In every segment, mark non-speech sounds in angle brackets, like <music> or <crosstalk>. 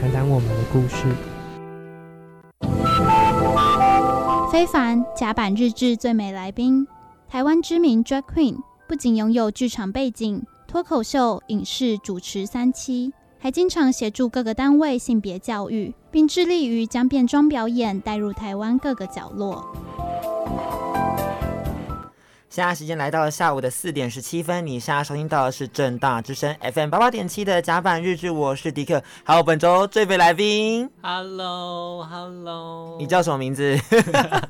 談談我們的故事。飛帆，甲板日誌最美來賓，台灣知名 drag queen 不僅擁有劇場背景、脫口秀、影視主持三棲，還經常協助各個單位性別教育，並致力於將變裝表演帶入台灣各個角落。現在時間來到了下午的四點十七分，你現在收聽到的是政大之聲 FM 八八點七的甲板日志，我是迪克，還有本周最美來賓 Hello Hello，你叫什麼名字？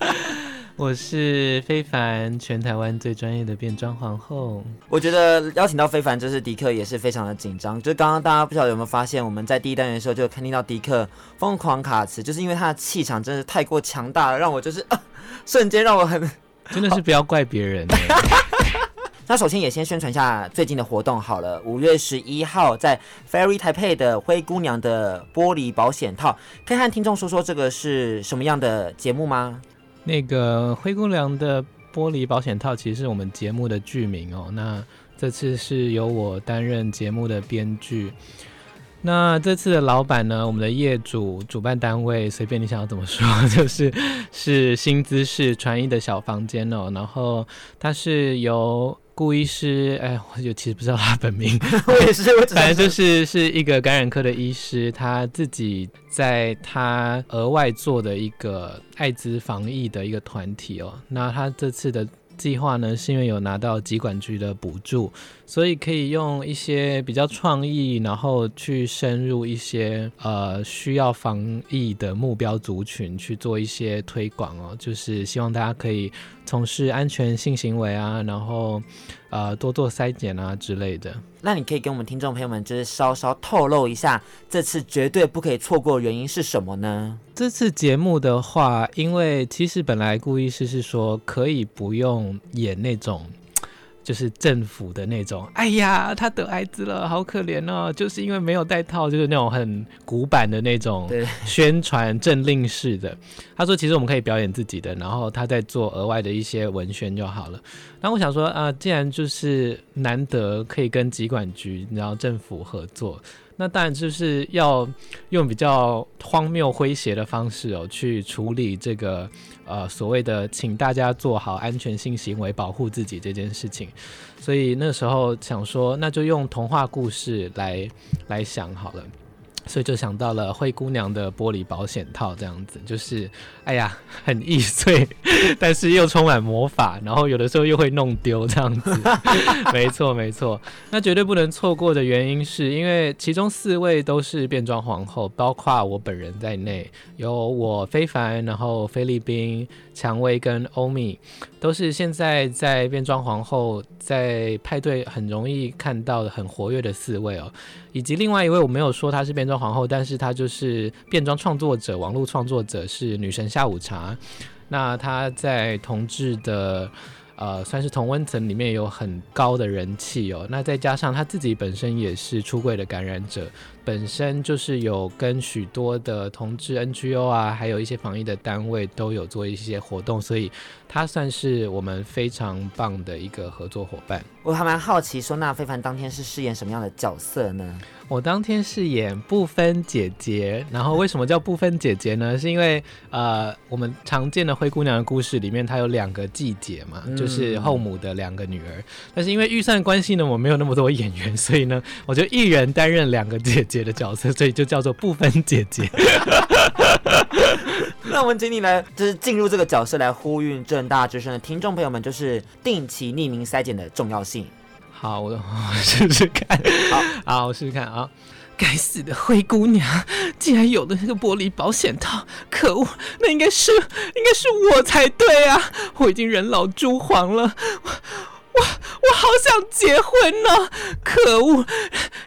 <laughs> 我是非凡，全台灣最專業的變裝皇後。我覺得邀請到非凡就是迪克也是非常的緊張，就是剛剛大家不知道有沒有發現，我們在第一單元的時候就聽到迪克瘋狂卡詞，就是因為他的氣場真的太過強大了，讓我就是、啊、瞬間讓我很。真的是不要怪別人、哦。 <laughs> 那首先也先宣傳一下最近的活動好了，五月十一號在 Fairy 台北的《灰姑娘的玻璃保險套》，可以和聽眾說說這個是什麼樣的節目嗎？那個《灰姑娘的玻璃保險套》其實是我們節目的劇名哦、喔。那這次是由我擔任節目的編劇。那這次的老闆呢？我們的業主、主辦單位，隨便你想要怎麼說，就是是新滋識船醫的小房間哦。然後他是由顧醫師，哎，我其實不知道他本名， <laughs> 我也是，反正就是是一個感染科的醫師，他自己在他額外做的一個艾滋防疫的一個團體哦。那他這次的計劃呢，是因為有拿到疾管局的補助。所以可以用一些比較創意，然後去深入一些呃需要防疫的目標族群去做一些推廣哦，就是希望大家可以從事安全性行為啊，然後呃多做篩檢啊之類的。那你可以給我們聽眾朋友們就是稍稍透露一下，這次絕對不可以錯過的原因是什麼呢？這次節目的話，因為其實本來顧醫師是說可以不用演那種。就是政府的那種，哎呀，他得艾滋了，好可憐哦，就是因為沒有戴套，就是那種很古板的那種宣傳政令式的。對 他說，其實我們可以表演自己的，然後他再做額外的一些文宣就好了。然後我想說，啊、呃，既然就是難得可以跟疾管局，然後政府合作。那當然就是要用比較荒謬詼諧的方式哦，去處理這個呃所謂的請大家做好安全性行為保護自己這件事情，所以那時候想說，那就用童話故事來來想好了。所以就想到了灰姑娘的玻璃保險套，這樣子就是，哎呀，很易碎，但是又充滿魔法，然後有的時候又會弄丟，這樣子。沒錯沒錯，那絕對不能錯過的原因是因為其中四位都是變裝皇後，包括我本人在內，有我飛帆，然後菲律賓。薔薇跟歐米都是現在在變裝皇後，在派對很容易看到很活躍的四位哦，以及另外一位我沒有說她是變裝皇後，但是她就是變裝創作者、網絡創作者是女神下午茶，那她在同志的。呃，算是同溫層裡面有很高的人氣哦。那再加上他自己本身也是出櫃的感染者，本身就是有跟許多的同志 NGO 啊，還有一些防疫的單位都有做一些活動，所以他算是我們非常棒的一個合作夥伴。我還蠻好奇，說那飛帆當天是飾演什麼樣的角色呢？我當天飾演不分姐姐。然後為什麼叫不分姐姐呢？ <laughs> 是因為呃，我們常見的灰姑娘的故事裡面，它有兩個姊姊嘛。嗯就是後母的兩個女兒，但是因為預算關係呢，我沒有那麼多演員，所以呢，我就一人擔任兩個姐姐的角色，所以就叫做不分姐姐。那我們請你來，就是進入這個角色來呼籲政大之聲的聽眾朋友們，就是定期匿名篩檢的重要性。好，我試試看。 <laughs> 好，好，我試試看啊。該死的灰姑娘，竟然有了這個玻璃保險套！可惡，那應該是應該是我才對啊！我已經人老珠黃了，我我我好想結婚呢、啊！可惡，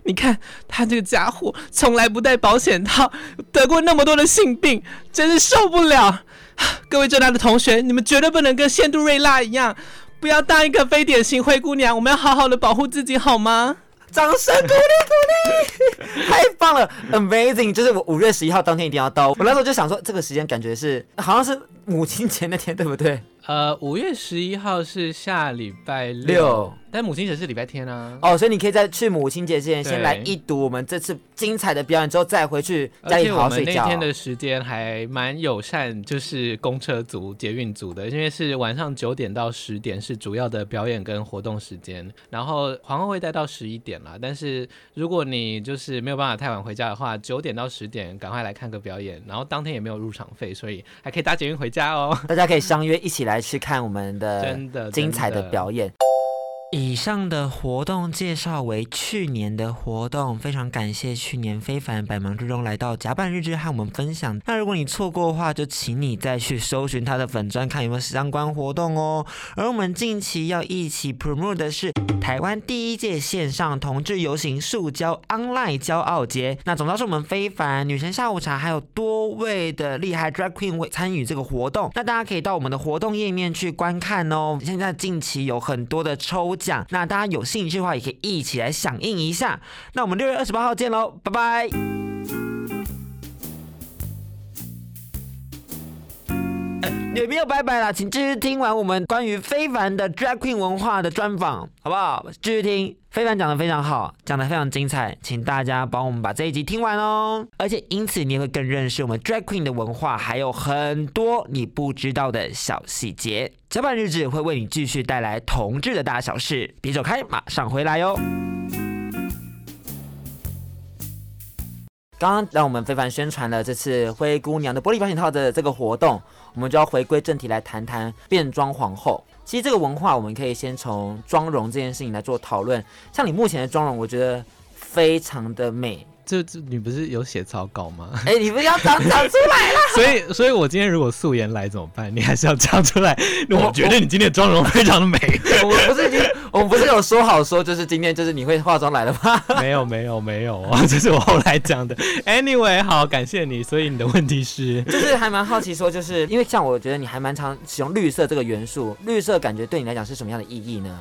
你看他這個家伙從來不戴保險套，得過那麼多的性病，真是受不了！各位政大的同學，你們絕對不能跟仙度瑞拉一樣，不要當一個非典型灰姑娘，我們要好好的保護自己，好嗎？掌聲鼓勵鼓勵，太棒了 <laughs> ，Amazing！就是我五月十一號當天一定要到，我那時候就想說，這個時間感覺是好像是母親節那天，對不對？呃，五月十一號是下禮拜六，六但母親節是禮拜天啊。哦，所以你可以在去母親節之前，先來一睹我們這次精彩的表演，之後再回去家裡好好睡覺。而且我們那天的時間還蠻友善，就是公車族、捷運族的，因為是晚上九點到十點是主要的表演跟活動時間，然後皇後會待到十一點啦，但是如果你就是沒有辦法太晚回家的話，九點到十點趕快來看個表演，然後當天也沒有入場費，所以還可以搭捷運回家哦。大家可以相約一起來。來去看我們的精彩的表演。以上的活動介紹為去年的活動，非常感謝去年飛帆百忙之中來到甲板日誌和我們分享。那如果你錯過的話，就請你再去搜尋他的粉專，看有沒有相關活動哦。而我們近期要一起 promote 的是台灣第一屆線上同志遊行數驕 online 驕傲節。那總召是我們飛帆女神下午茶，還有多位的厲害 drag queen 會參與這個活動。那大家可以到我們的活動頁面去觀看哦。現在近期有很多的抽。講，那大家有興趣的話，也可以一起來響應一下。那我們六月二十八號見嘍，拜拜。也沒有拜拜了，請繼續聽完我們關於飛帆的 drag queen 文化的專訪，好不好？繼續聽，飛帆講的非常好，講的非常精彩，請大家幫我們把這一集聽完哦。而且因此，你會更認識我們 drag queen 的文化，還有很多你不知道的小細節。甲板日誌會為你繼續帶來同志的大小事，別走開，馬上回來喲。剛剛讓我們飛帆宣傳了這次灰姑娘的玻璃保險套的這個活動。我們就要回歸正題，來談談變裝皇後。其實這個文化，我們可以先從妝容這件事情來做討論。像你目前的妝容，我覺得非常的美。就就你不是有寫草稿嗎？誒、欸，你不是要講講出來啦，所以 <laughs> 所以，所以我今天如果素顏來怎麼辦？你還是要講出來。我， <laughs> 我覺得你今天的妝容非常的美 <laughs> 。我不是已我們不是有說好說，就是今天就是你會化妝來的嗎？ <laughs> 沒有沒有沒有啊，這、喔就是我後來講的。Anyway，好，感謝你。所以你的問題是，就是還蠻好奇說，就是因為像我覺得你還蠻常使用綠色這個元素，綠色感覺對你來講是什麼樣的意義呢？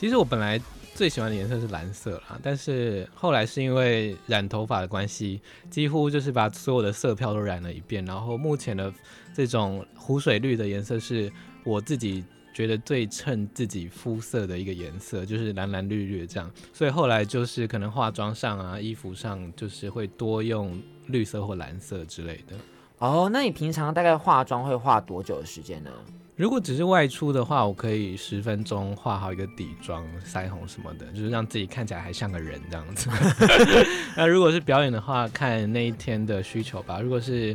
其實我本來最喜歡的顏色是藍色啊，但是後來是因為染頭髮的關係，幾乎就是把所有的色票都染了一遍。然後目前的這種湖水綠的顏色是我自己覺得最襯自己膚色的一個顏色，就是藍藍綠綠的這樣。所以後來就是可能化妝上啊，衣服上就是會多用綠色或藍色之類的。哦，那你平常大概化妝會化多久的時間呢？如果只是外出的話，我可以十分鐘畫好一個底妝、腮紅什麼的，就是讓自己看起來還像個人這樣子。 <laughs> 那如果是表演的話，看那一天的需求吧。如果是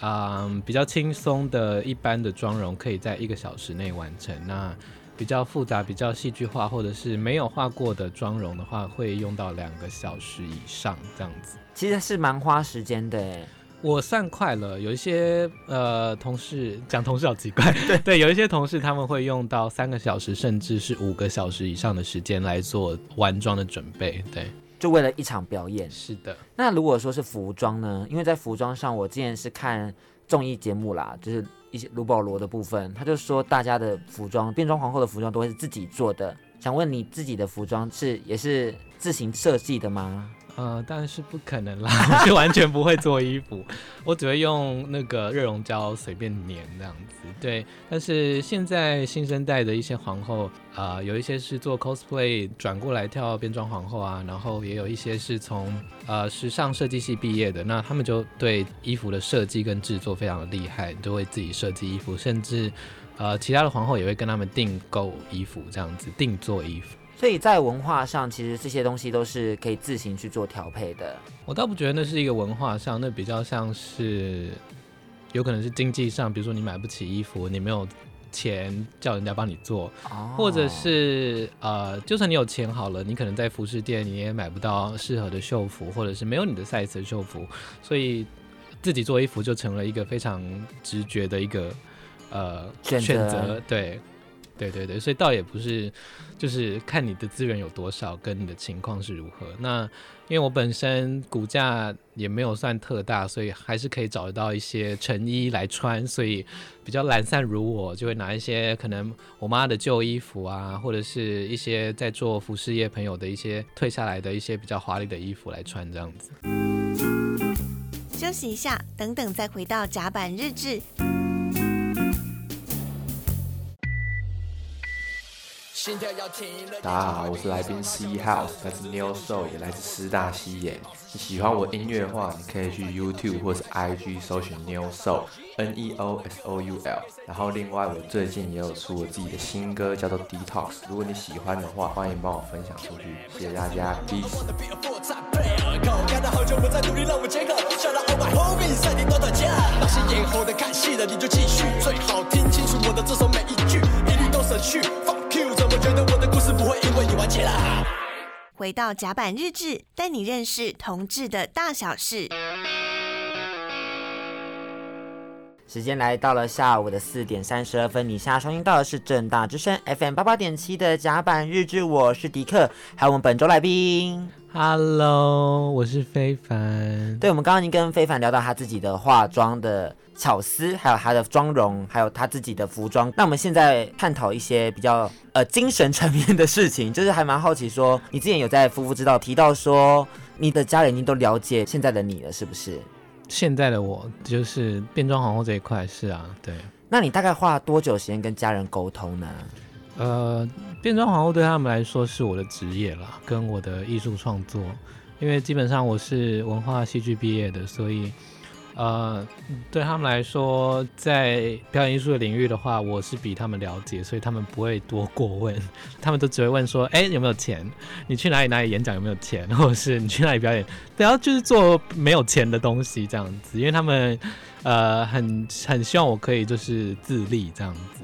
嗯、呃、比較輕鬆的、一般的妝容，可以在一個小時內完成。那比較複雜、比較戲劇化，或者是沒有畫過的妝容的話，會用到兩個小時以上這樣子。其實是蠻花時間的。我算快了，有一些呃、同事講，同事好奇怪，對對，有一些同事他們會用到三個小時，甚至是五個小時以上的時間來做完妝的準備，對，就為了一場表演。是的，那如果說是服裝呢？因為在服裝上，我之前是看綜藝節目啦，就是一些魯保羅的部分，他就說大家的服裝、變裝皇後的服裝都會是自己做的。想問你自己的服裝是也是自行設計的嗎？呃，當然是不可能啦，我是完全不會做衣服， <laughs> 我只會用那個熱熔膠隨便粘這樣子。對，但是現在新生代的一些皇後，啊、呃，有一些是做 cosplay 轉過來跳變裝皇後啊，然後也有一些是從呃時尚設計系畢業的，那他們就對衣服的設計跟制作非常的厲害，就會自己設計衣服，甚至呃其他的皇後也會跟他們訂購衣服這樣子定做衣服。所以在文化上，其實這些東西都是可以自行去做調配的。我倒不覺得那是一個文化上，那比較像是，有可能是經濟上，比如說你買不起衣服，你沒有錢叫人家幫你做，oh. 或者是呃，就算你有錢好了，你可能在服飾店你也買不到適合的秀服，或者是沒有你的 size 的秀服，所以自己做衣服就成了一個非常直覺的一個呃選擇選擇，對。對對對，所以倒也不是，就是看你的資源有多少，跟你的情況是如何。那因為我本身骨架也沒有算特大，所以還是可以找得到一些成衣來穿。所以比較懶散如我，就會拿一些可能我媽的舊衣服啊，或者是一些在做服飾業朋友的一些退下來的一些比較華麗的衣服來穿，這樣子。休息一下，等等再回到甲板日志。大家好，我是來賓 C House，來自 New Soul，也來自師大西演。你喜歡我音樂的話，你可以去 YouTube 或是 IG 搜尋 New Soul，N E O S O U L。然後另外，我最近也有出我自己的新歌，叫做 Detox。如果你喜歡的話，歡迎幫我分享出去，謝謝大家！Peace。不會因為你完結了。回到甲板日誌，帶你認識同志的大小事。時間來到了下午的四點三十二分，你現在收聽到的是政大之聲 FM 八八點七的甲板日誌，我是迪克，還有我們本周來賓，Hello，我是飛帆。對，我們剛剛已經跟飛帆聊到他自己的化妝的巧思，還有他的妝容，還有他自己的服裝。那我們現在探討一些比較呃精神層面的事情，就是還蠻好奇說，你之前有在夫婦之道提到說，你的家人已經都了解現在的你了，是不是？現在的我就是變裝皇後這一塊，是啊，對。那你大概花了多久時間跟家人溝通呢？呃，變裝皇後對他們來說是我的職業啦，跟我的藝術創作，因為基本上我是文化戲劇畢業的，所以。呃，對他們來說，在表演藝術的領域的話，我是比他們了解，所以他們不會多過問，他們都只會問說：“哎、欸，有沒有錢？你去哪裡哪裡演講有沒有錢？或者是你去哪裡表演？不要就是做沒有錢的東西這樣子，因為他們呃很很希望我可以就是自立這樣子，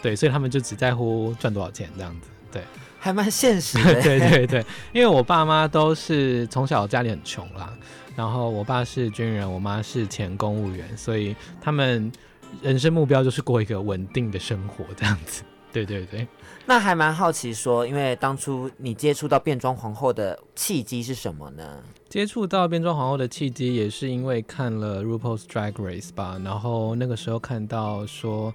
對，所以他們就只在乎賺多少錢這樣子，對，還蠻現實的， <laughs> 對對對，因為我爸媽都是從小家裡很窮啦。然後我爸是軍人，我媽是前公務員，所以他們人生目標就是過一個穩定的生活這樣子。對對對，那還蠻好奇說，說因為當初你接觸到變裝皇後的契機是什麼呢？接觸到變裝皇後的契機也是因為看了 RuPaul's Drag Race 吧。然後那個時候看到說，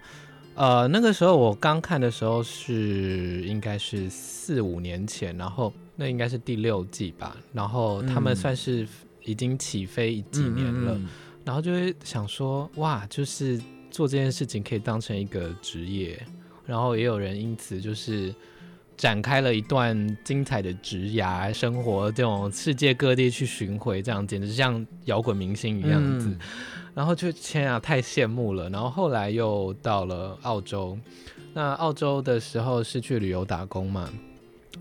呃，那個時候我剛看的時候是應該是四五年前，然後那應該是第六季吧。然後他們算是、嗯。已經起飛幾年了，嗯嗯，然後就會想說，哇，就是做這件事情可以當成一個職業，然後也有人因此就是展開了一段精彩的職涯生活，這種世界各地去巡迴，這樣簡直像搖滾明星一樣、嗯、然後就天啊，太羨慕了。然後後來又到了澳洲，那澳洲的時候是去旅遊打工嘛？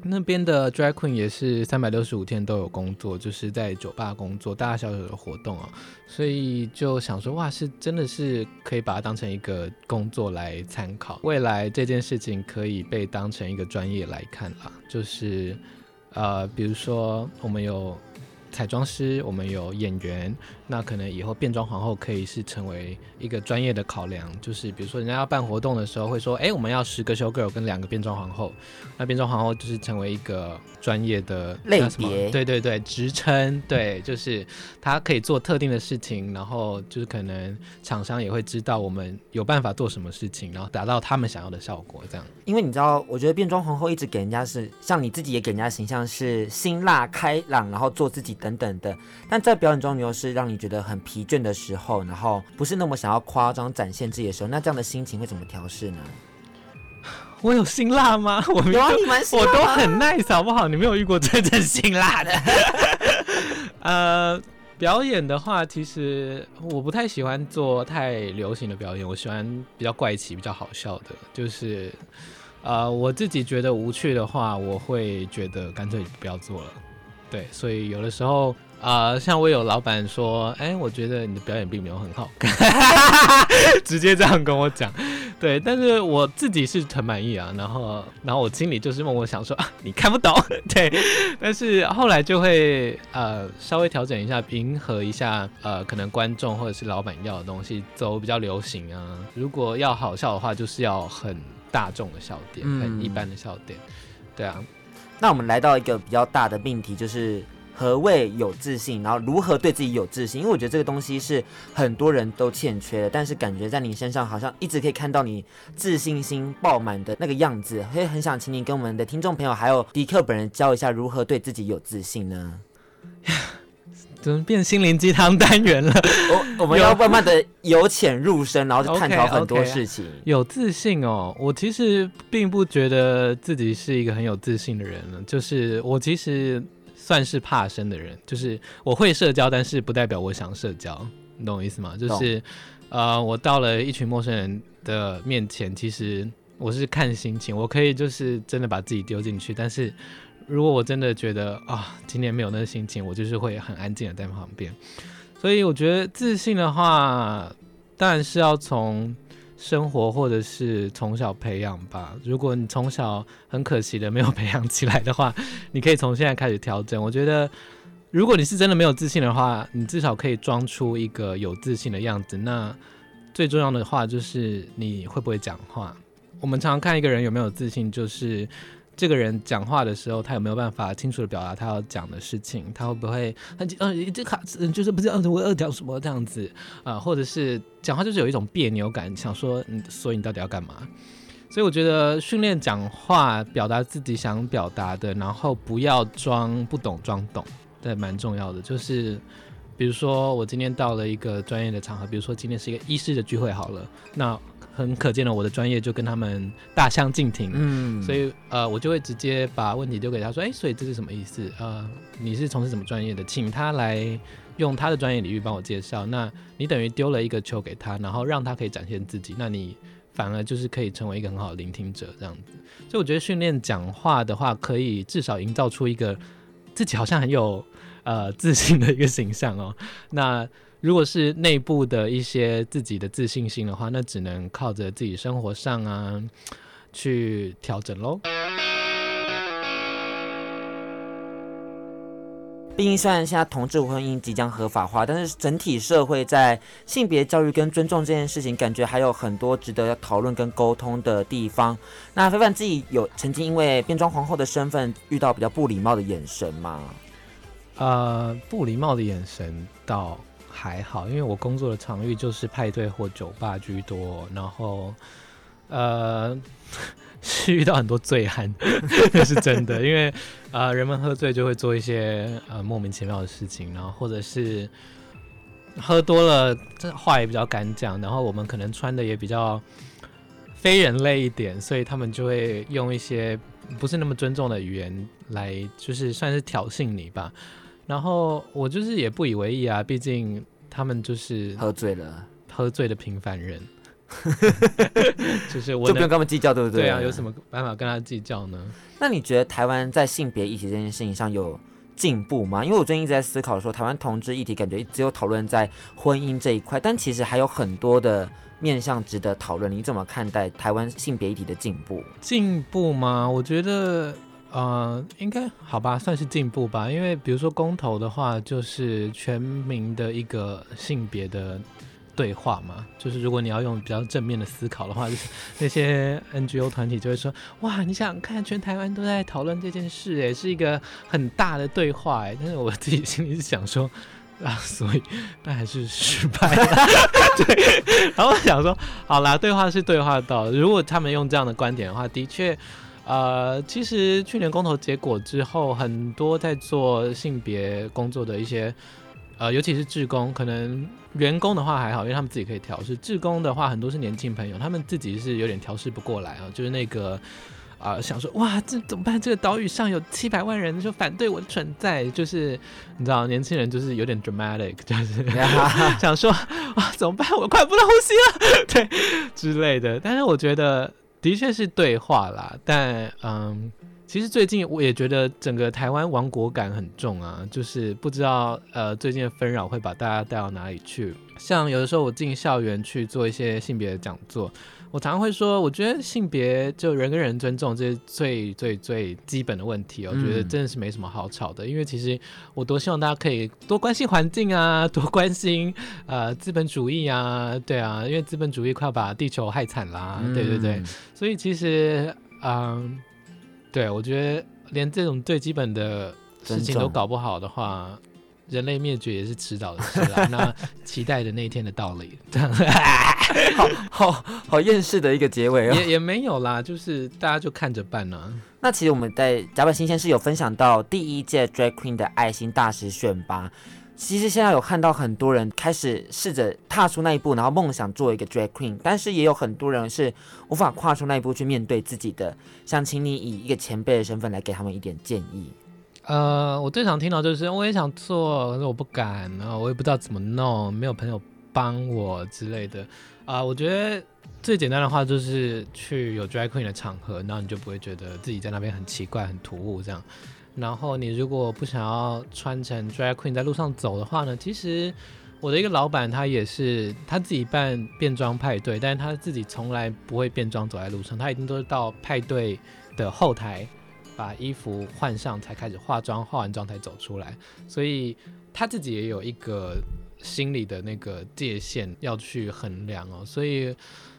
那邊的 Drag Queen 也是三百六十五天都有工作，就是在酒吧工作，大大小小的活動啊，所以就想說，哇，是真的是可以把它當成一個工作來參考，未來這件事情可以被當成一個專業來看啦，就是，呃，比如說我們有。彩妝師，我們有演員，那可能以後變裝皇后可以是成為一個專業的考量，就是比如說人家要辦活動的時候，會說，哎、欸，我們要十個 show girl 跟兩個變裝皇後，那變裝皇後就是成為一個專業的類別，對對對，職稱，對，就是他可以做特定的事情，然後就是可能廠商也會知道我們有辦法做什麼事情，然後達到他們想要的效果，這樣。因為你知道，我覺得變裝皇後一直給人家是，像你自己也給人家形象是辛辣開朗，然後做自己的。等等的，但在表演中，你又是讓你覺得很疲倦的時候，然後不是那麼想要誇張展現自己的時候，那這樣的心情會怎麼調適呢？我有辛辣嗎？有啊、我都嗎我都很 nice，好不好？你沒有遇過真正辛辣的。 <laughs> 呃，表演的話，其實我不太喜歡做太流行的表演，我喜歡比較怪奇、比較好笑的。就是，呃，我自己覺得無趣的話，我會覺得乾脆不要做了。對，所以有的時候，呃，像我有老闆說，哎，我覺得你的表演並沒有很好， <laughs> 直接這樣跟我講。對，但是我自己是很滿意啊。然後，然後我心裡就是問我想說啊，你看不懂。對，但是後來就會呃稍微調整一下，迎合一下呃可能觀眾或者是老闆要的東西，走比較流行啊。如果要好笑的話，就是要很大眾的笑點，很一般的笑點，嗯、對啊。那我們來到一個比較大的命題，就是何謂有自信，然後如何對自己有自信？因為我覺得這個東西是很多人都欠缺的，但是感覺在你身上好像一直可以看到你自信心爆滿的那個樣子，所以很想請你跟我們的聽眾朋友還有迪克本人教一下如何對自己有自信呢？怎麼變心靈雞湯單元了？ <laughs> 我？我我們要慢慢的由淺入深，然後探討很多事情。Okay, okay. 有自信哦，我其實並不覺得自己是一個很有自信的人了。就是我其實算是怕生的人，就是我會社交，但是不代表我想社交，你懂我意思嗎？就是 Don 't. 呃，我到了一群陌生人的面前，其實我是看心情，我可以就是真的把自己丟進去，但是。如果我真的覺得啊、哦，今天沒有那個心情，我就是會很安靜的在旁邊。所以我覺得自信的話，當然是要從生活或者是從小培養吧。如果你從小很可惜的沒有培養起來的話，你可以從現在開始調整。我覺得，如果你是真的沒有自信的話，你至少可以裝出一個有自信的樣子。那最重要的話就是你會不會講話？我們常常看一個人有沒有自信，就是。這個人講話的時候，他有沒有辦法清楚地表達他要講的事情？他會不會他嗯一卡，就是不知道我要講什麼這樣子啊，呃？或者是講話就是有一種彆扭感，想說你，所以你到底要幹嘛？所以我覺得訓練講話、表達自己想表達的，然後不要裝不懂裝懂，對，蠻重要的。就是比如說我今天到了一個專業的場合，比如說今天是一個醫師的聚會，好了，那。很可見的，我的專業就跟他們大相徑庭，嗯，所以呃，我就會直接把問題丟給他說，哎，所以這是什麼意思？呃，你是從事什麼專業的？請他來用他的專業領域幫我介紹。那你等於丟了一個球給他，然後讓他可以展現自己，那你反而就是可以成為一個很好的聆聽者，這樣子。所以我覺得訓練講話的話，可以至少營造出一個自己好像很有呃自信的一個形象哦。那如果是內部的一些自己的自信心的話，那只能靠着自己生活上啊去調整嘍。畢竟，雖然現在同志婚姻即將合法化，但是整體社會在性別教育跟尊重這件事情，感覺還有很多值得要討論跟溝通的地方。那非凡自己有曾經因為變裝皇後的身份遇到比較不禮貌的眼神嗎？呃，不禮貌的眼神到。還好，因為我工作的場域就是派對或酒吧居多，然後，呃，是遇到很多醉漢，這 <laughs> <laughs> 是真的。因為啊、呃，人們喝醉就會做一些呃莫名其妙的事情，然後或者是喝多了，這話也比較敢講。然後我們可能穿的也比較非人類一點，所以他們就會用一些不是那麼尊重的語言來，就是算是挑釁你吧。然後我就是也不以為意啊，畢竟他們就是喝醉了，喝醉的平凡人， <laughs> 就是我就不用跟他們計較，對不對啊？對啊，有什麼辦法跟他計較呢？那你覺得台灣在性別議題這件事情上有進步嗎？因為我最近一直在思考說，台灣同志議題感覺只有討論在婚姻這一塊，但其實還有很多的面向值得討論。你怎麼看待台灣性別議題的進步？進步嗎？我覺得。呃，應該好吧，算是進步吧。因為比如說公投的話，就是全民的一個性別的對話嘛。就是如果你要用比較正面的思考的話，就是那些 NGO 團體就會說：“哇，你想看全台灣都在討論這件事，哎，是一個很大的對話。”哎，但是我自己心裡是想說：“啊，所以但還是失敗了。” <laughs> 對，然後我想說：“好啦，對話是對話到，如果他們用這樣的觀點的話，的確。”呃，其實去年公投結果之後，很多在做性別工作的一些，呃，尤其是志工，可能員工的話還好，因為他們自己可以調試。志工的話，很多是年輕朋友，他們自己是有點調試不過來啊，就是那個啊、呃，想說哇，這怎麼辦？這個島嶼上有七百萬人就反對我的存在，就是你知道，年輕人就是有點 dramatic，就是 <laughs> <laughs> 想說啊，怎麼辦？我快不能呼吸了，對之類的。但是我覺得。的確是對話啦，但嗯，其實最近我也覺得整個台灣亡國感很重啊，就是不知道，呃，最近的紛擾會把大家帶到哪裡去。像有的時候我進校園去做一些性別的講座。我常常會說，我覺得性別就人跟人尊重，這是最最最最基本的問題哦，我覺得真的是沒什麼好吵的，因為其實我多希望大家可以多關心環境啊，多關心呃資本主義啊，對啊，因為資本主義快要把地球害慘啦，嗯、對對對，所以其實嗯、呃，對，我覺得連這種最基本的事情都搞不好的話。人類滅絕也是遲早的事啦、啊， <laughs> 那期待着那一天的到來。 <laughs> <laughs> 好好好，厭世的一個結尾哦，也也沒有啦，就是大家就看着辦呢、啊。那其實我們在甲板新鮮是有分享到第一屆 drag queen 的愛心大使選拔，其實現在有看到很多人開始試着踏出那一步，然後夢想做一個 drag queen，但是也有很多人是無法跨出那一步去面對自己的。想請你以一個前輩的身份來給他們一點建議。呃，我最常聽到就是，我也想做，可是我不敢，然後我也不知道怎麼弄，沒有朋友幫我之類的。啊、呃，我覺得最簡單的話就是去有 drag queen 的場合，然後你就不會覺得自己在那邊很奇怪、很突兀這樣。然後你如果不想要穿成 drag queen 在路上走的話呢，其實我的一個老板他也是他自己辦變裝派對，但是他自己從來不會變裝走在路上，他一定都是到派對的後台。把衣服換上才開始化妝，化完妝才走出來，所以他自己也有一個心理的那個界限，要去衡量哦。所以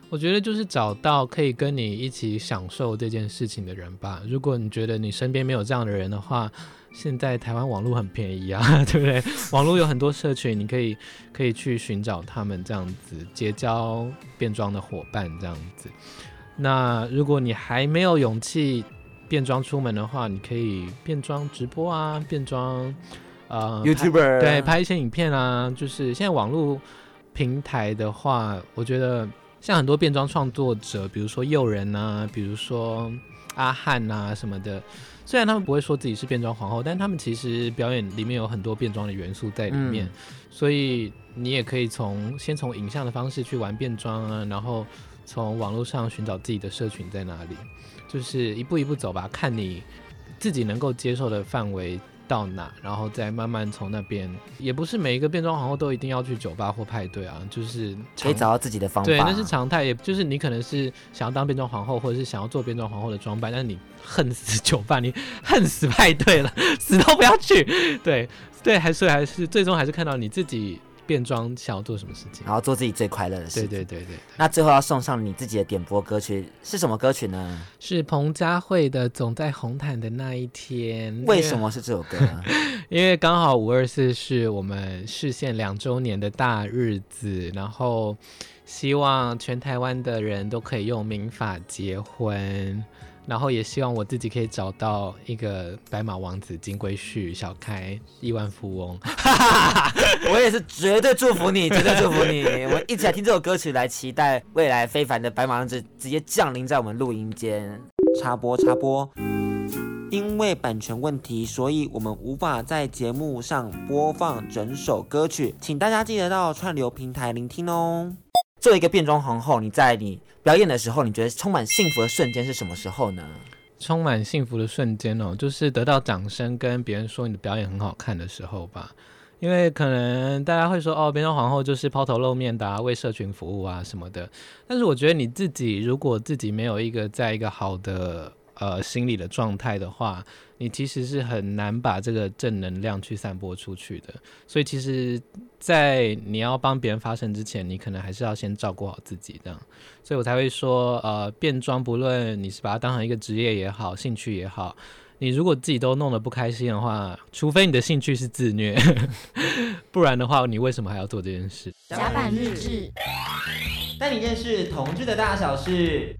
我覺得就是找到可以跟你一起享受這件事情的人吧。如果你覺得你身邊沒有這樣的人的話，現在台灣網絡很便宜啊， <laughs> <laughs> 對不對？網絡有很多社群，你可以可以去尋找他們這樣子，結交變裝的夥伴這樣子。那如果你還沒有勇氣，變裝出門的話，你可以變裝直播啊，變裝，呃，YouTuber 對，拍一些影片啊。就是現在網絡平台的話，我覺得像很多變裝創作者，比如說誘人啊，比如說阿翰啊什麼的。雖然他們不會說自己是變裝皇後，但他們其實表演裡面有很多變裝的元素在裡面。嗯、所以你也可以從先從影像的方式去玩變裝啊，然後從網絡上尋找自己的社群在哪裡。就是一步一步走吧，看你自己能夠接受的範圍到哪，然後再慢慢從那邊。也不是每一個變裝皇後都一定要去酒吧或派對啊，就是可以找到自己的方法。對，那是常態，也就是你可能是想要當變裝皇後，或者是想要做變裝皇後的裝扮，但是你恨死酒吧，你恨死派對了，死都不要去。對，對，還是還是最終還是看到你自己。變裝想要做什麼事情？然後做自己最快樂的事情。對對，對對對對。那最後要送上你自己的點播歌曲是什麼歌曲呢？是彭佳慧的《總在紅毯的那一天》啊。為什麼是這首歌？ <laughs> 因為剛好五二四是我們釋憲兩週年的大日子，然後希望全台灣的人都可以用民法結婚。然後也希望我自己可以找到一個白馬王子、金龜婿、小開、億萬富翁。 <laughs> <laughs> <laughs> 我也是絕對祝福你，絕對祝福你。 <laughs> 我們一起來聽這首歌曲，來期待未來非凡的白馬王子直接降臨在我們錄音間。插播插播，因為版權問題，所以我們無法在節目上播放整首歌曲，請大家記得到串流平台聆聽哦。作為一個變裝皇後，你在你表演的時候，你覺得充滿幸福的瞬間是什麼時候呢？充滿幸福的瞬間哦，就是得到掌聲，跟別人說你的表演很好看的時候吧。因為可能大家會說，哦，變裝皇後就是拋頭露面的啊，為社群服務啊什麼的。但是我覺得你自己，如果自己沒有一個在一個好的呃，心理的狀態的話，你其實是很難把這個正能量去散播出去的。所以，其實，在你要幫別人發聲之前，你可能還是要先照顧好自己，這樣。所以我才會說，呃，變裝不論你是把它當成一個職業也好，興趣也好，你如果自己都弄得不開心的話，除非你的興趣是自虐， <laughs> 不然的話，你為什麼還要做這件事？甲板日誌，帶你認識同志的大小事。